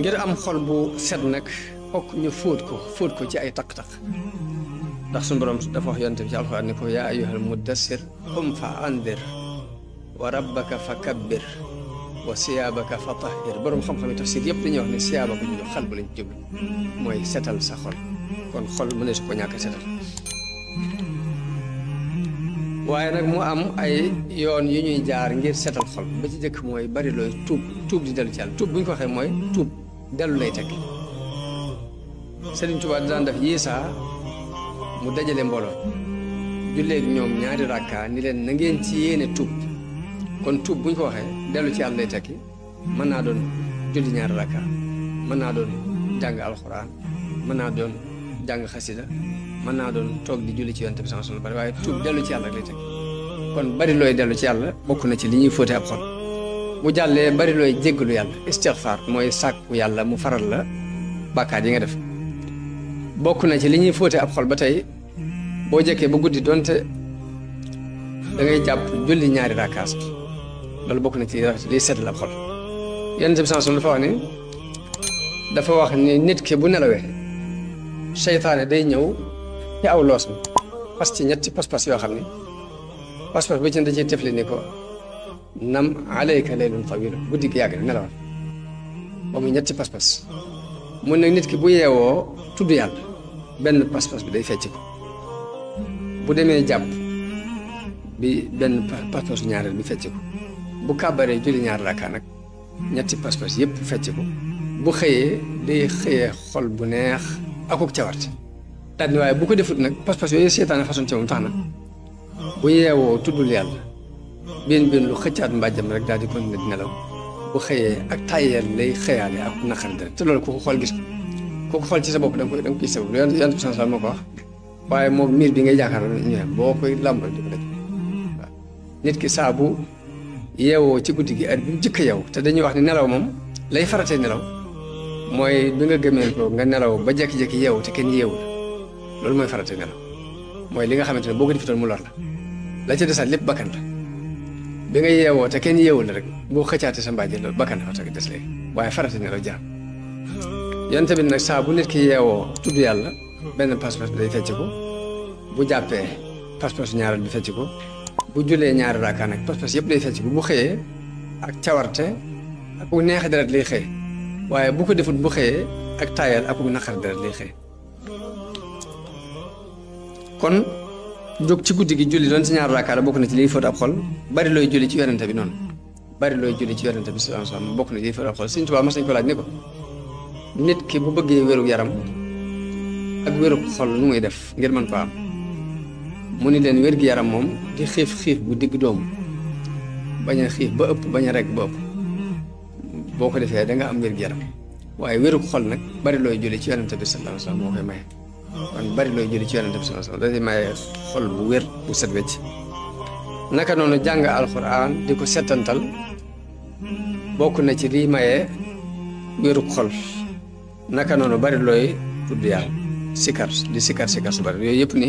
ngir am xol bu set nag fokk ñu fóot ko fóot ko ci ay taq-taq ndax suñu borom dafa wax yonte bi ci alxuraan ne ko yaa fa andir wa rabbaka fa kabbir wa siyaabaka fa tahhir borom xam-xam wax ne siyaaba ko ñu xal bu lañ jublu mooy setal sa xol kon xol mu ne ko ñàkk setal nag mu am ay yoon yu ñuy jaar ngir setal xol ba ci jëkk mooy bari looy tuub tuub di dellu ci tuub bu ñu ko waxee mooy tuub dellu lay teg Sëriñ Tuubaa daan def yiisaa mu dajale mbooloo julleeg ñoom ñaari rakka ni leen na ngeen ci yéene tuub kon tuub bu ñu ko waxee dellu ci yàlla lay tekki mën naa doon julli ñaari rakka mën naa doon jàng alxuraan mën naa doon jàng xasida mën naa doon toog di julli ci yonent bi sama bari waaye tuub dellu ci yàlla lay tekki kon bari looy dellu ci yàlla bokk na ci li ñuy fóote ab xol bu jàllee bari looy jéggalu yàlla istixfaar mooy sàkku yàlla mu faral la bàkkaar yi nga def bokk na ci li ñuy fóote ab xol ba tey boo jekkee ba guddi donte dangay ngay jàpp julli ñaari raakaas loolu bokk na ci liy seetal ab xol yenn bi sansom dafa wax ni dafa wax ni nit ki bu nelawee seytaane day ñëw ci aw loos mi pas ñetti pas yoo xam ni pas-pas bu ci ne da ciy tefli ko nam alayka laylun tawila bu gi yàgg na nelawal ba mu ñetti pas-pas mun nag nit ki bu yeewoo tudd yàlla benn pas bi day fecc bu demee jàpp benn pas-pasu ñaareel bi fecc ko bu kàbbaree julli ñaar rakka nag ñetti pas yëpp yépp fecc bu xëyee day xëyee xol bu neex akuk cawarte daal ni waaye bu ko defut nag pas-pas yooyu seetaan façon ci tax na bu yeewoo tuddul yàlla بين بين لو خيتات مباجم رك دادي كون نيت نلاو وخي اك تايل لي خيالي اك نخر دير تي لول كوكو خول غيس كوكو خول سي سبب دانكو دانكو سيو يان يان سان سان مكو واخ واي موك مير بي غي جاخار ني بوكو لامبو دي بلاج نيت كي سابو ييو تي غوتي كي ار بي جيك ياو تا داني واخ ني نلاو موم لي فراتي نلاو موي ديغا گامل كو غا نلاو با جيك جيك ياو تي كين ياو لول موي فراتي نلاو موي ليغا خامتاني بوكو ديفتال مولار لا لا تي دسات ليب بكان bi nga yeewoo te kenn yeewul la rek boo xëccaatee sa mbaaj loolu bakkan dafa teg des léegi waaye farata ne la jaram yonte bi nag saa bu ki yeewoo tudd yàlla benn pas day fecc ko bu jàppee pas-pasu ñaareel bi fecc ko bu julee ñaari raakaa nag pas yëpp day fecc ko bu xëyee ak cawarte ak ku neex deret lay xëy waaye bu ko defut bu xëyee ak taayal ak ku naqar deret lay xëy kon jóg ci guddi gi julli doon si ñaar raakaar bokk na ci liy fóot ab xol bari looy julli ci yonente bi noonu bari looy julli ci yonente bi sallallahu alayhi bokk na ci liy fóot ab nit ki bu bëggee wérug yaram ak wérug xol nu muy def ngir mën ko mu ni leen wérgu yaram moom di xiif xiif bu digg doomu a xiif ba ëpp bañ a boo ko defee da nga am wérgu yaram waaye wérug xol nag bari looy julli ci yonente bi sallallahu alayhi wasallam moo koy maye kon bari looy julli ci yonente bi sallallahu alayhi wasallam dafay xol bu wér bu set wecc naka noonu jàng alxuraan di ko setantal bokk na ci liy maye wérub xol naka noonu bari looy tudd yàlla sikar di sikar sikar su bari yooyu yëpp ni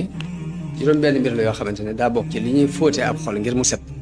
juróom benn mbir la yoo xamante ne daa bokk ci li ñuy fóotee ab xol ngir mu set